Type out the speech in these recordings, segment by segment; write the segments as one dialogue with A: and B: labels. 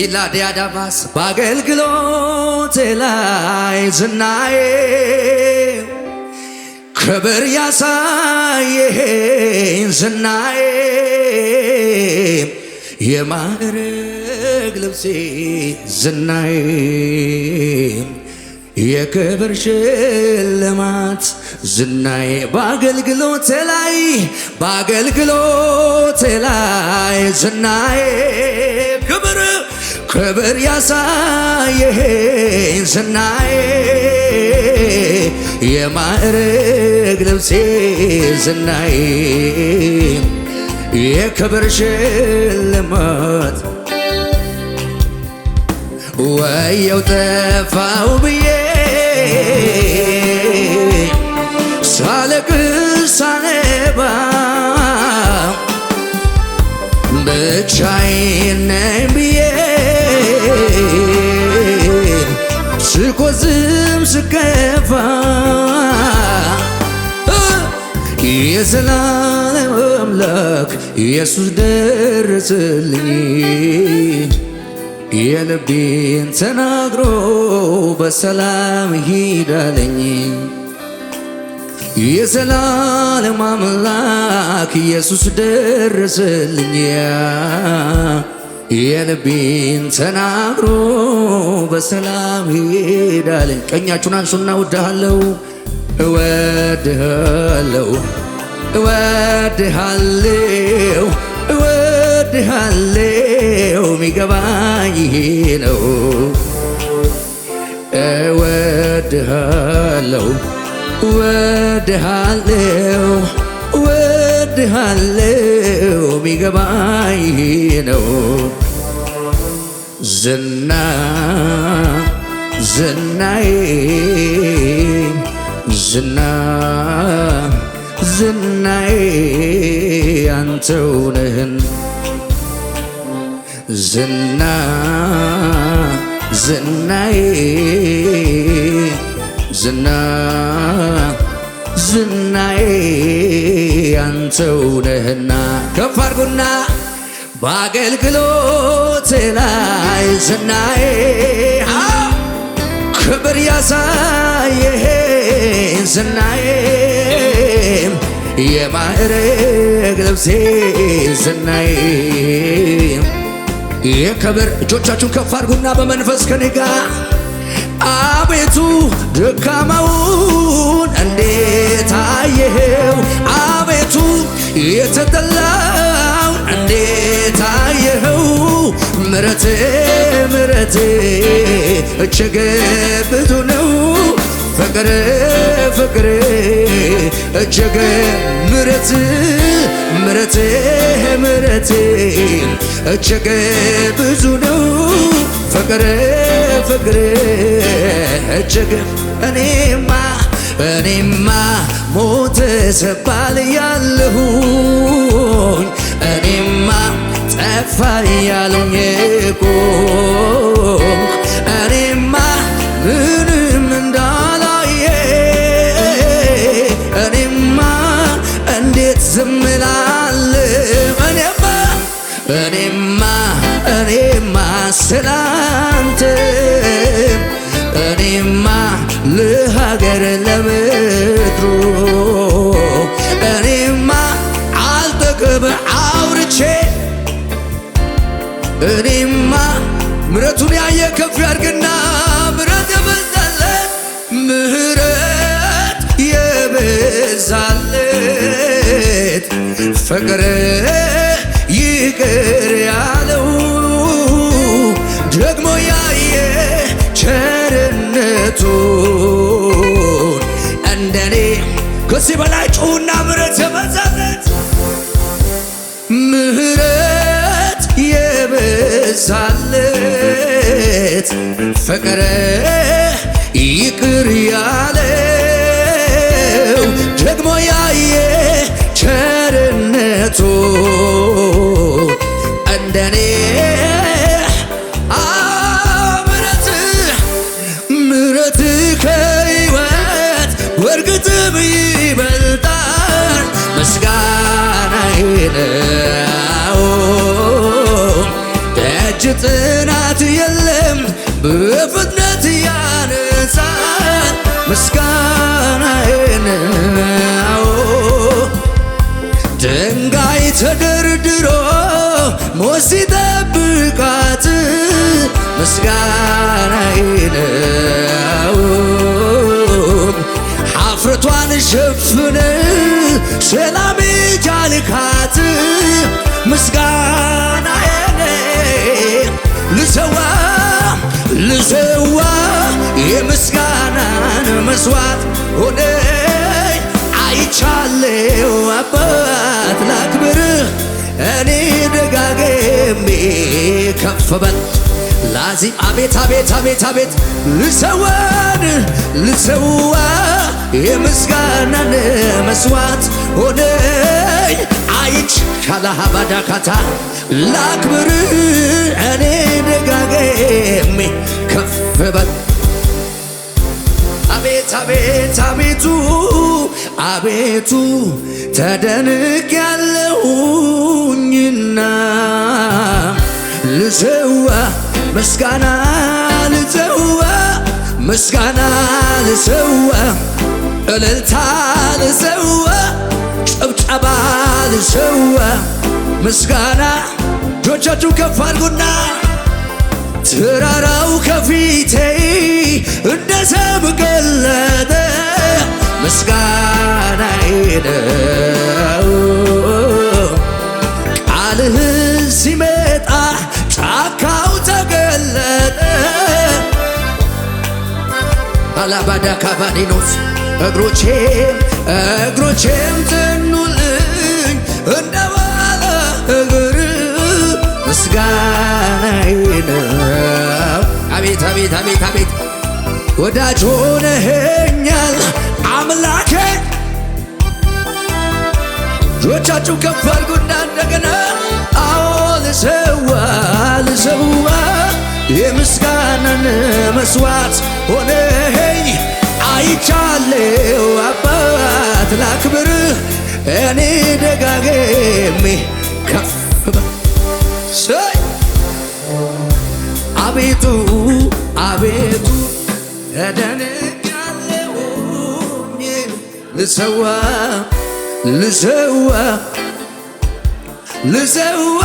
A: ኢላዲያዳማስ በአገልግሎት ላይ ዝናዬ ክብር ያሳየኸኝ ዝናዬ የማዕረግ ልብሴ ዝናዬ የክብር ሽልማት ዝናዬ በአገልግሎት ላይ በአገልግሎት ላይ ዝናዬ ክብር ክብር ያሳየህን ስናይ የማዕረግ ልብሴ ዝናዬ የክብር ሽልማት ወየው ጠፋው ብዬ ሳለቅስ ብቻዬን ነኝ ስወዝም ስከፋ የዘላለም አምላክ ኢየሱስ ደረሰልኝ የልቤን ተናግሮ በሰላም ሂዳለኝ የዘላለም አምላክ ኢየሱስ ደረሰልኝ የልቤን ተናግሮ በሰላም ሄዳል። ቀኛችሁን አንሱና እወድሃለው እወድሃለሁ እወድሃለው እወድሃለው ሚገባኝ ይሄ ነው። እወድሃለው እወድሃለው እወድሃለው ቢገባኝ ነው ዝና ዝናዬ ዝና ዝናዬ አንተው ነህን ዝና ዝናዬ ዝና ዝናዬ አንተው ነህና ከፍ በአገልግሎት ላይ ዝናዬ ክብር ያሳየኸኝ ዝናዬ የማዕረግ ልብሴ ዝናዬ የክብር እጆቻችሁን ከፍ በመንፈስ ከኔ አቤቱ ድካማውን እንዴ አየኸው አቤቱ የተጠላው እንዴት አየኸው ምረት ምረት እጅግ ብዙ ነው ፍቅር ፍቅር እጅግ ምረት ምረት ምረት እጅግ ብዙ ነው ፍቅር ፍቅር እጅግ እኔማ እኔማ ሞት ስባል ያለሁኝ እኔማ ጠፋ ያለኝ እኮ እኔማ ምንም እንዳላየ እኔማ እንዴት ዝምላለ እኔማ እኔማ እኔማ ስላንተ በክብር አውርቼ እኔማ ምረቱን ያየ ከፍ ያድርግና ምረት የበዛለት ምህረት የበዛለት ፍቅር ይቅር ያለው ደግሞ ያየ ቸርነቱን እንደኔ ከዚህ በላይ ጩ ሳለት ፍቅር ይቅር ያለው ደግሞ ያየ ቸርነቱ በፍጥነት ያነሳል ምስጋናዬን አዎ ድንጋይ ተደርድሮ ሞት ሲጠብቃት ምስጋናዬን አዎ ሀፍረቷን ሸፍነ ሰላም ቻልካት መስዋዕት ሆነኝ አይቻለው አባት ላክብርህ እኔ ደጋግሜ ከፍ በል ላዚ አቤት አቤት አቤት አቤት ልሰዋን ልሰዋ የምስጋናን መስዋዕት ሆነኝ አይች ካላሃባዳ ካታ ላክብርህ እኔ ደጋግሜ ከፍ በል አቤት አቤት አቤቱ አቤቱ ተደንቅ ያለውኝና ልዘዋ ምስጋና ልዘዋ ምስጋና ልዘዋ እልልታ ልዘዋ ጭብጨባ ልዘዋ ምስጋና እጆቻችሁ ከፍ አድርጉና ተራራው ከፊቴ ቤተሰብ ገለጠ ምስጋና ነው ቃልህን ሲመጣ ጫካው ተገለጠ አላባዳ ካባዲኖስ እግሮቼም እግሮቼም ትኑልኝ እንደባለ እግር ምስጋና ነው አቤት አቤት አቤት አቤት ወዳጅ ሆነኸኛል አምላኬ። እጆቻችሁ ከፍ አድርጉና እንደገና አዎ ልሰዋ ልሰዋ የምስጋናን መስዋዕት ሆነኸኝ አይቻለው አባት ላክብርህ እኔ ደጋግሜ ከፍ አቤቱ አቤቱ ተደንቃለሁኝ ልሰዋ ልሰዋ ልሰዋ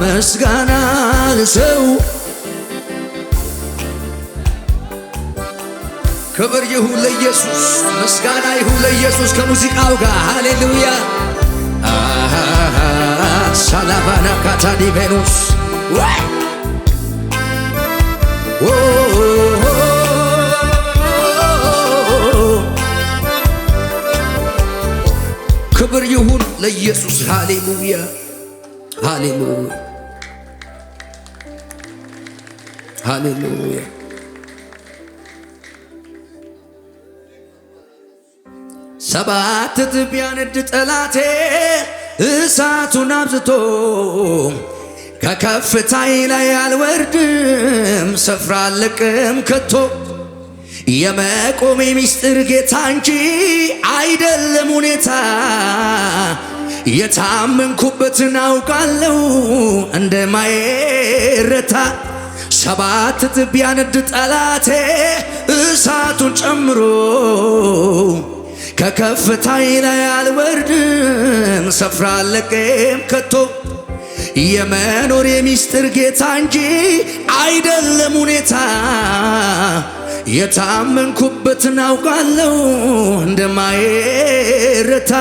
A: ምስጋና ልሰው ክብር ይሁን ለኢየሱስ፣ ምስጋና ይሁን ለኢየሱስ ከሙዚቃው ጋር ሃሌሉያ ሳላባና ካታዲቬኖስ ክብር ይሁን ለኢየሱስ። ሃሌሉያ ሃሌሉያ ሃሌሉያ። ሰባት ትቢያ እድ ጠላቴ እሳቱን አብዝቶ ከከፍታይ ላይ አልወርድም ስፍራ አልለቅም ከቶ የመቆሜ ሚስጥር ጌታ እንጂ አይደለም ሁኔታ የታመንኩበትን አውቃለሁ እንደ ሰባት ትቢያ ነድ ጠላቴ እሳቱን ጨምሮ ከከፍታዬ ላይ አልወርድም ስፍራ አለቀም ከቶ የመኖር የሚስጥር ጌታ እንጂ አይደለም ሁኔታ የታመንኩበትን አውቃለሁ እንደማይረታ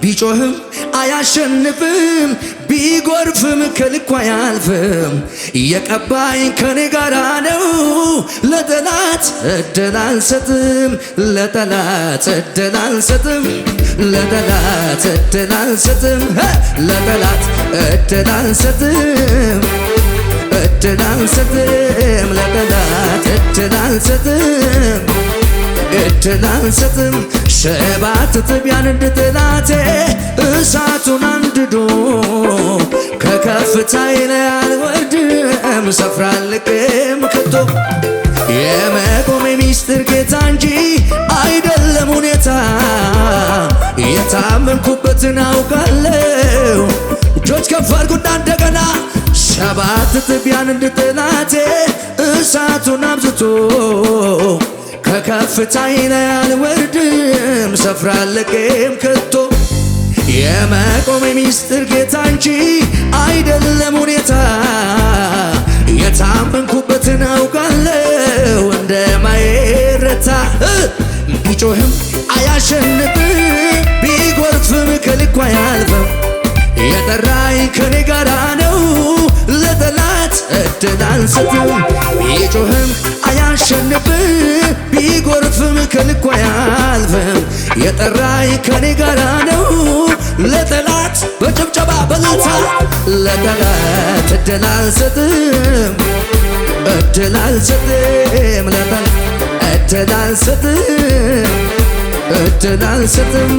A: ቢጮህም አያሸንፍም ቢጎርፍም ከልኩ አያልፍም የቀባኝ ከኔ ጋራ ነው። ለጠላት እድል አንሰጥም ለጠላት እድል አንሰጥም ለጠላት እድል አንሰጥም ለጠላት እድል አንሰጥም እድል አንሰጥም ለጠላት እድል አንሰጥም እድል አንሰጥም ሰባት ትቢያን ያንድ ጥላቴ እሳቱን አንድዶ ከከፍታዬ ላይ አልወርድም ሰፍራ አልቅም ከቶ የመቆሜ ሚስጥር ጌታ እንጂ አይደለም ሁኔታ የታመንኩበትን አውቃለሁ እጆች ከፍ አድርጉና እንደገና ሰባት ትቢያን እንድጥላቴ እሳቱን አብዝቶ ከከፍታ ላይ አልወርድም ስፍራ አልለቅም ከቶ የመቆሜ ሚስጥር ጌታ እንጂ አይደለም ሁኔታ የታመንኩበትን አውቃለሁ እንደማይረታ ቢጮህም አያሸንፍም ቢጎርፍም ከልኳ ያልፈም የጠራይ ከኔ ጋራ ነው ለጠላት እድል አንሰጥም። ቢጮህም አያሸንፍም፣ ቢጎርፍም ከልኩ አያልፍም። የጠራኝ ከኔ ጋራ ነው። ለጠላት በጭብጨባ በልልታ ለጠላት እድል አንሰጥም፣ እድል አንሰጥም፣ ለጠላት እድል አንሰጥም እድል አንሰጥም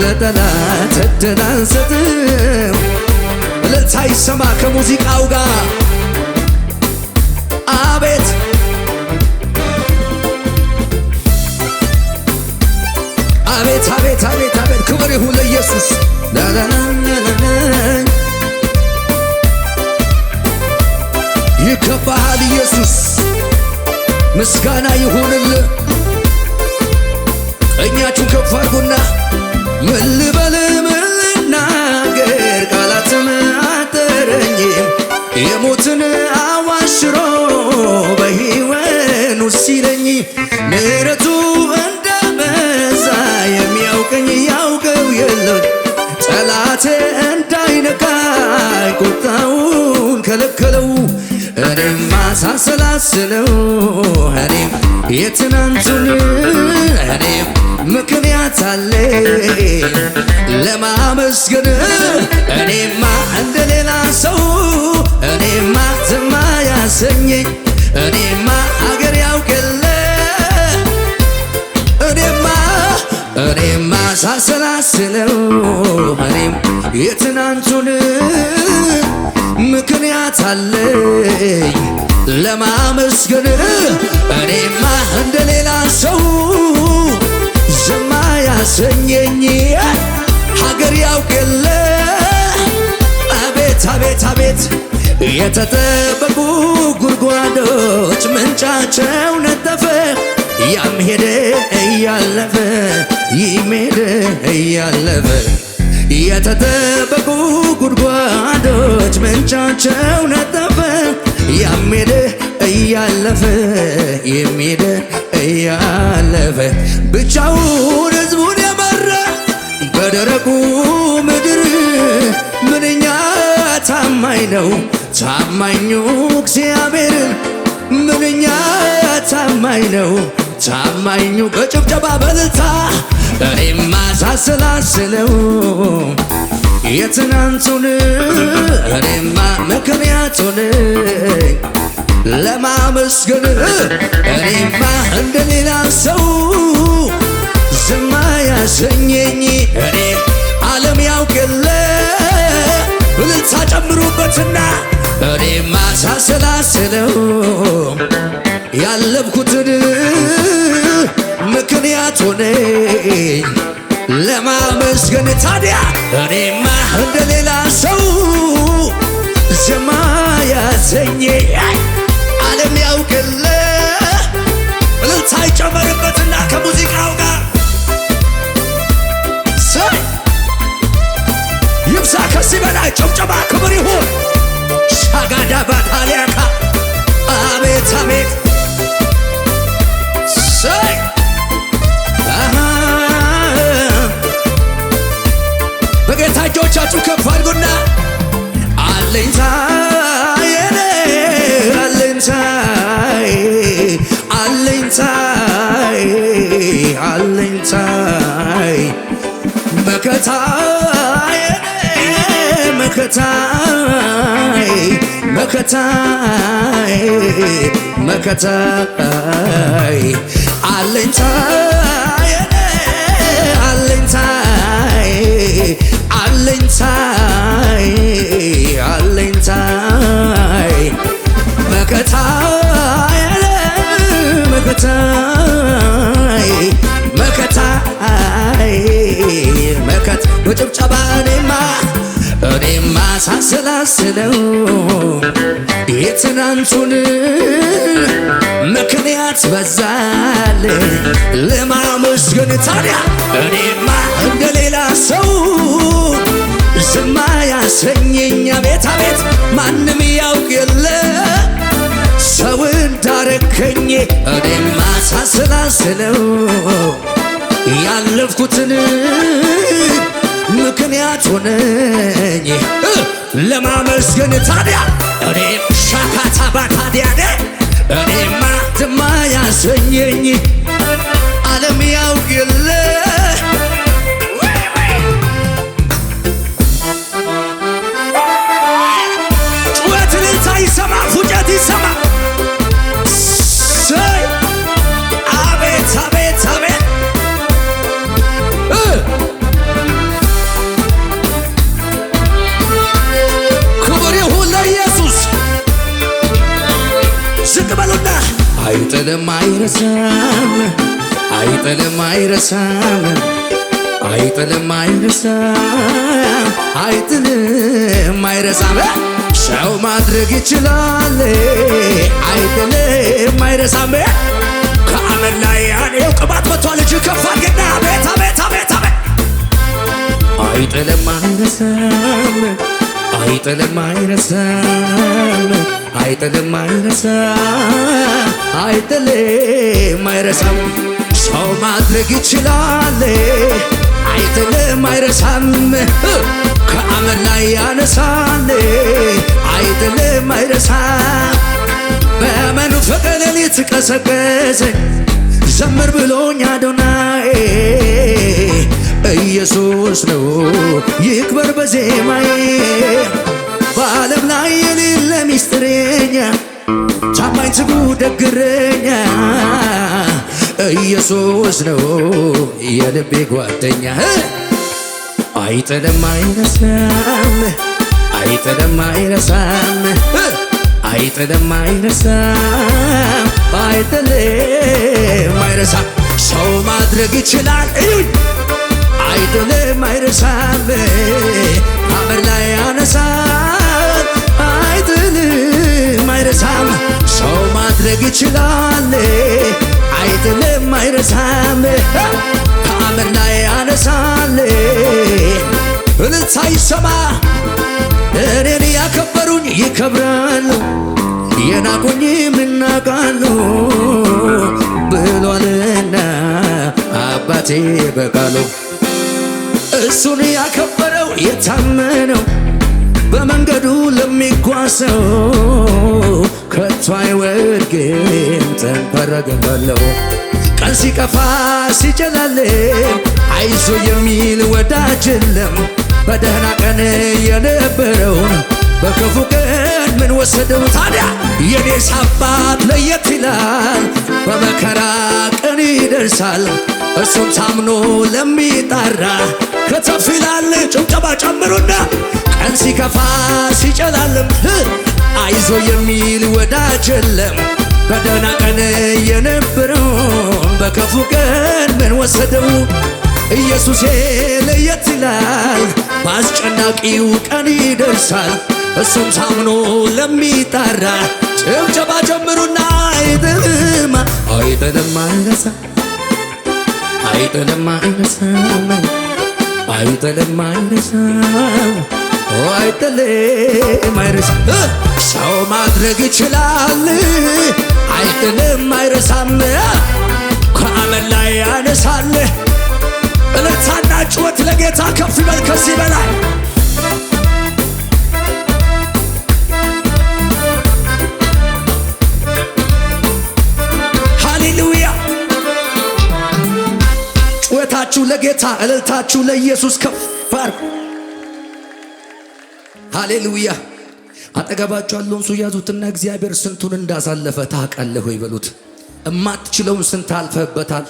A: ለጠላት እድል አንሰጥም ሳይሰማ ከሙዚቃው ጋር አቤት አቤት አቤት አቤት አቤት ክብር ይሁን ለኢየሱስ ይከባሃል ኢየሱስ ምስጋና ይሁንልህ። ቀኛችሁ ከፍ አድርጉና ምን ልበል እንደ እንዳበዛ የሚያውቀኝ ያውቀው የለም ጠላቴ እንዳይነካኝ ቁጣውን ከለከለው። እኔም ማሳሰላስለው እኔም የትናንቱን እኔም ምክንያት አለ ለማመስገን እኔማ እንደ ሌላ ሰው እኔማ ዝም አያሰኘኝ እኔማ አገር ያውቅል እኔም ማሳሰላስለው እኔም የትናንቱን ምክንያት አለኝ ለማመስገን እኔማ እንደሌላ ሰው ዝማ ያሰኘኝ ሀገር ያውቅ የለ አቤት አቤት አቤት የተጠበቁ ጉድጓዶች ምንጫቸው ነጠፈ ያም ሄደ እያለፈ ይሜድ እያለፈ የተጠበቁ ጉድጓዶች ምንጫቸው ነጠፈ ያሜድ እያለፈ የሚድ እያለፈ ብቻውን ህዝቡን የመራ በደረቁ ምድር ምንኛ ታማኝ ነው ታማኙ እግዚአብሔር ምንኛ ታማኝ ነው ታማኙ በጭብጨባ በልታ እኔማ ሳሰላስለው የትናንቱን እኔማ ምክንያቱን ለማመስገን እኔማ እንደሌላ ሰው ዝማ ያሰኘኝ እኔ ዓለም ያውቅለ እልልታ ጨምሩበትና እኔማ ሳሰላስለው ያለብኩትን ምክንያት ሆነኝ ለማመስገን። ታዲያ እኔማ እንደ ሌላ ሰው ዘማ ያሰኘ ዓለም ያውቅለ እልልታ ይጨመርበትና ከሙዚቃው ጋር ሰይ ይብሳ ከሲ በላይ ጭብጨባ ክብር ይሁን ሻጋዳ ባታሊያካ አቤት አቤት መከታ መከታይ መከታይ መከታይ አለኝታዬ አለኝታዬ አለኝታዬ ሳንሰላስለው የትናንቱን ምክንያት በዛል ለማመስገን ታዲያ እኔማ እንደሌላ ሰው ዝማ ያሰኘኛ ቤታ ቤት ማንም ያውቅ የለ ሰው እንዳረከኝ እኔማ ሳንሰላስለው ያለፍኩትን ምክንያት ሆነኝ ለማመስገን ታዲያ እኔም ሻካታ ደ እኔ ማትማ ያሰኘኝ አለም ያውቅ የለ አይረሳም አይጥልም አይረሳም አይጥልም አይረሳም ሰው ማድረግ ይችላል አይጥልም አይረሳም ከአመድ ላይ ያኔው ቅባት መቷል እጅ ከፍ አድርግና ቤት ቤት ቤት አይጥልም አይረሳም አይጥልም አይረሳም አይጥልም አይረሳም አይጥልም አይረሳም ሰው ማድረግ ይችላል አይጥልም አይረሳም ከአመድ ላይ ያነሳል አይጥልም አይረሳም በመንፈቀ ሌሊት ቀሰቀሰ ዘምር ብሎኝ አዶናዬ ኢየሱስ ነው ይክበር በዜማዬ በዓለም ላይ የሌለ ሚስጥረኛ ታማኝ ትጉ ደግረኛ ኢየሱስ ነው የልቤ ጓደኛ አይጥልም አይረሳም አይጥልም አይረሳም አይጥልም አይረሳም አይጥልም አይረሳም ሰው ማድረግ ይችላል እዩኝ አይጥልም አይረሳም አመር ላይ ያነሳል አይጥልም አይረሳም ሰው ማድረግ ይችላል አይጥልም አይረሳም ከአመድ ላይ አነሳል እልልታ ይሰማ እኔን ያከበሩኝ ይከብራሉ የናቁኝ ምናቃሉ ብሏልና አባቴ በቃሉ እሱን ያከበረው የታመነው በመንገዱ ለሚጓሰው ከቶ አይወድቅም ጠንከር ቀን ሲከፋ ሲጨላልም አይዞ የሚል ወዳጅ የለም። በደህና ቀን የነበረውን በክፉ ቀን ምን ወሰደው ታዲያ? የኔስ አባት ለየት ይላል፣ በመከራ ቀን ይደርሳል። እሱም ታምኖ ለሚጣራ ከተፍ ይላል። ጭብጨባ ጨምሩና ቀን ሲከፋ ሲጨላልም አይዞ የሚል ወዳጅ የለም በደህና ቀን የነበረው በከፉ ቀን ምን ወሰደው? ኢየሱሴ ለየት ይላል፣ በአስጨናቂው ቀን ይደርሳል። እሱም ሳምኖ ለሚጣራ ጭብጨባ ጀምሩና አይጥልም አይጥልም አይነሳ አይጥልም አይነሳም አይጥልም አይነሳም አይጥልም አይነሳም ሰው ማድረግ ይችላል አይጥልም አይረሳም ከአመን ላይ ያነሳል። እልልታና ጩኸት ለጌታ ከፍ ይበል ከዚህ በላይ ሃሌሉያ። ጩኸታችሁ ለጌታ እልልታችሁ ለኢየሱስ ከፍ አድርጉ። ሃሌሉያ አጠገባቸው ያለውን ሰው ያዙትና እግዚአብሔር ስንቱን እንዳሳለፈ ታውቃለህ ወይ በሉት። እማትችለውን ስንት አልፈህበታል፣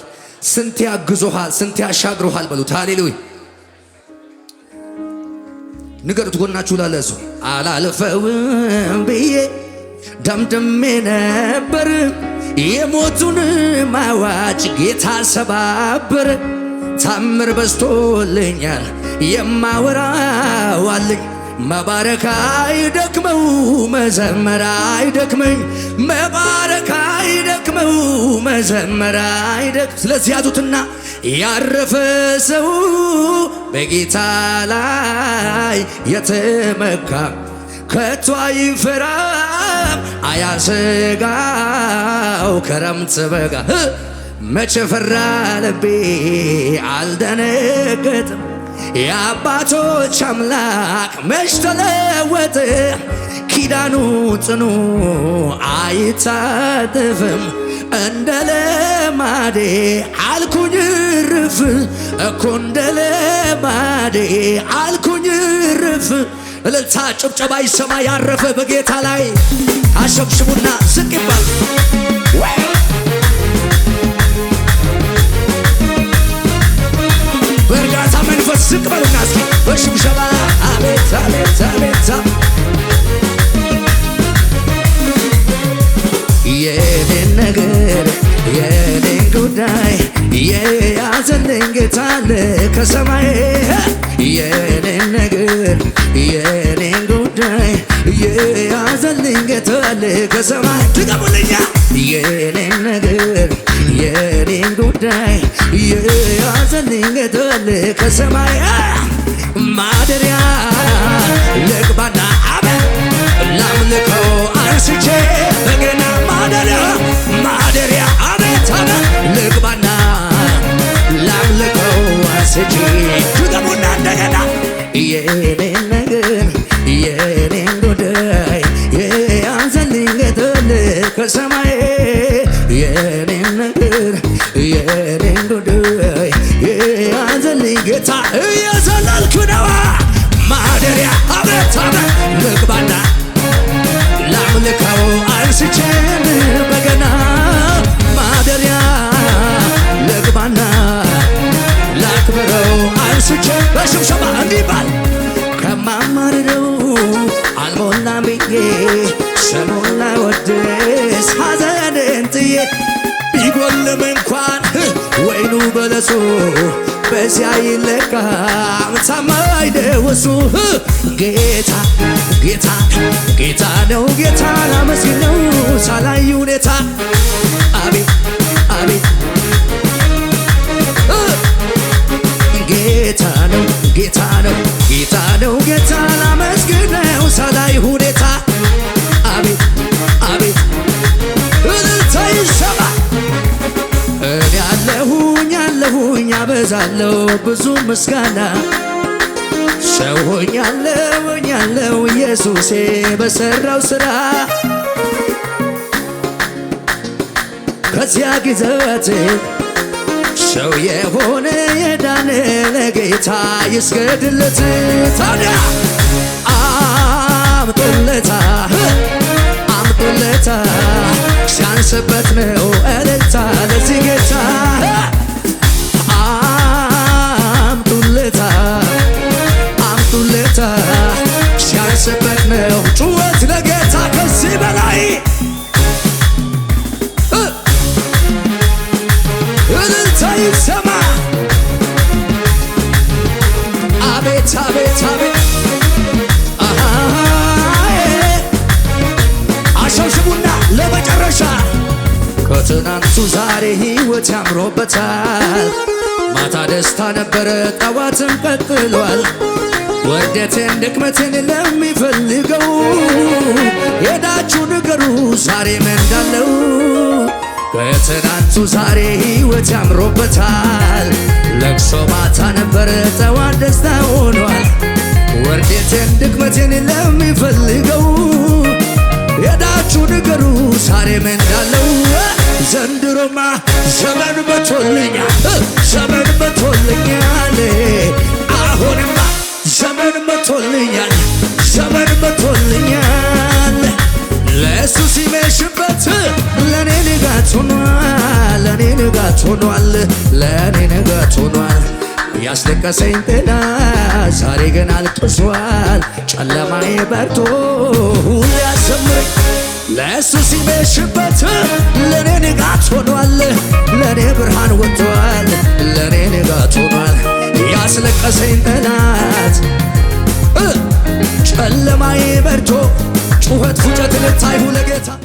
A: ስንት ያግዞሃል፣ ስንት ያሻግሮሃል በሉት። ሃሌሉያ ንገሩት። ጎናችሁ ላለ ሰው አላልፈውም ብዬ ደምድሜ ነበር የሞቱን ማዋጭ ጌታ ሰባብር ታምር በዝቶልኛል የማወራዋልኝ መባረክ አይደክመው መዘመር አይደክመኝ መባረክ አይደክመው መዘመር አይደክም። ስለዚህ ያዙትና ያረፈ ሰው በጌታ ላይ የተመካ ከቶ አይፈራም አያሰጋው ክረምት በጋ መቼ ፈራ ልቤ አልደነገጥም የአባቶች አምላክ መች ተለወጠ፣ ኪዳኑ ጽኑ አይታጠፍም። እንደ ለማዴ አልኩኝ ርፍ እኮ እንደ ለማዴ አልኩኝ ርፍ። እልልታ ጭብጨባ ይሰማ ያረፈ በጌታ ላይ አሸብሽቡና ዝቅ ይባል ዝቅ በሉና እስኪ በሽብሸባ አቤት አቤት አቤት የኔን ነገር የኔን ጉዳይ የያዘልኝ ጌታ አለ ከሰማይ የኔን ነገር የኔን ጉዳይ የያዘልኝ ጌታ አለ ከሰማይ ድገሙልኛ የኔን ነገር የኔን ጉዳይ የያዘልኝ ገደል ከሰማይ ማደሪያ ልግባና አበ ላምልከው አንስቼ በገና ማደሪያ ማደሪያ አቤት ልግባና ላምልከው አንስቼ ትገቡና እንደገና የኔ ከሰማይ የኔን ነገር የኔን ጉዳይ የያዘልኝ ጌታ እየዘለልኩ ነዋ ማደሪያ አብረት አብረት ልግባና ላምልካው አንስቼን በገና ማደሪያ ልግባና ላክብረው አንስቼ በሽብሸባ እንዲባል ከማማርደው አልሞላ ብዬ ስሙን ላይ ወደ ቢጎልም እንኳን ወይኑ በለሱ በዚያ ይለካል። ሰማይ ደወሱ ጌታ ጌታ ጌታ ነው ጌታ ላመስግነው ሳላይ ሁኔታ አቤት አቤት ጌታ ነው ጌታ ነው አለው ብዙ ምስጋና ሰው ሆኛለው ሆኛለው ኢየሱሴ በሠራው ሥራ ከዚያ ጊዜት ሰው የሆነ የዳነ ለጌታ ይስገድለት ታዲያ ስብክ ነው ጩኸት ለጌታ ከዚህ በላይ እልልታ ይሰማ። አቤት አቤት አቤት አሸብሽቡና ለመጨረሻ ከትናንቱ ዛሬ ሕይወት ያምሮበታል። ማታ ደስታ ነበረ፣ ጠዋትም ቀጥሏል። ውርደትን ድክመትን ለሚፈልገው ሄዳችሁ ንገሩ ዛሬ ምን እንዳለው። ከትናንቱ ዛሬ ህይወት ያምሮበታል። ለቅሶ ማታ ነበረ ጠዋት ደስታ ሆኗል። ውርደትን ድክመትን ለሚፈልገው ሄዳችሁ ንገሩ ዛሬ ምን ዘንድሮማ ዘመን መቶልኛል ዘመን መቶልኛል አሁንማ ዘመን መቶልኛል፣ ዘመን መቶልኛል። ለእሱ ሲመሽበት ለእኔ ንጋት ሆኗል፣ ለእኔ ንጋት ሆኗል፣ ለእኔ ንጋት ሆኗል። ያስለቀሰኝ ጤና ዛሬ ግን አልቅሷል፣ ጨለማዬ በርቶ ሁሌ ያሰምረኝ። ለእሱ ሲመሽበት ለእኔ ንጋት ሆኗል፣ ለእኔ ብርሃን ወጥቷል፣ ለእኔ ንጋት ሆኗል። ያስለቀሰኝ ጠላት ጨለማዬ በርጆ ጩኸት ፉጨት ልታይሁ ለጌታ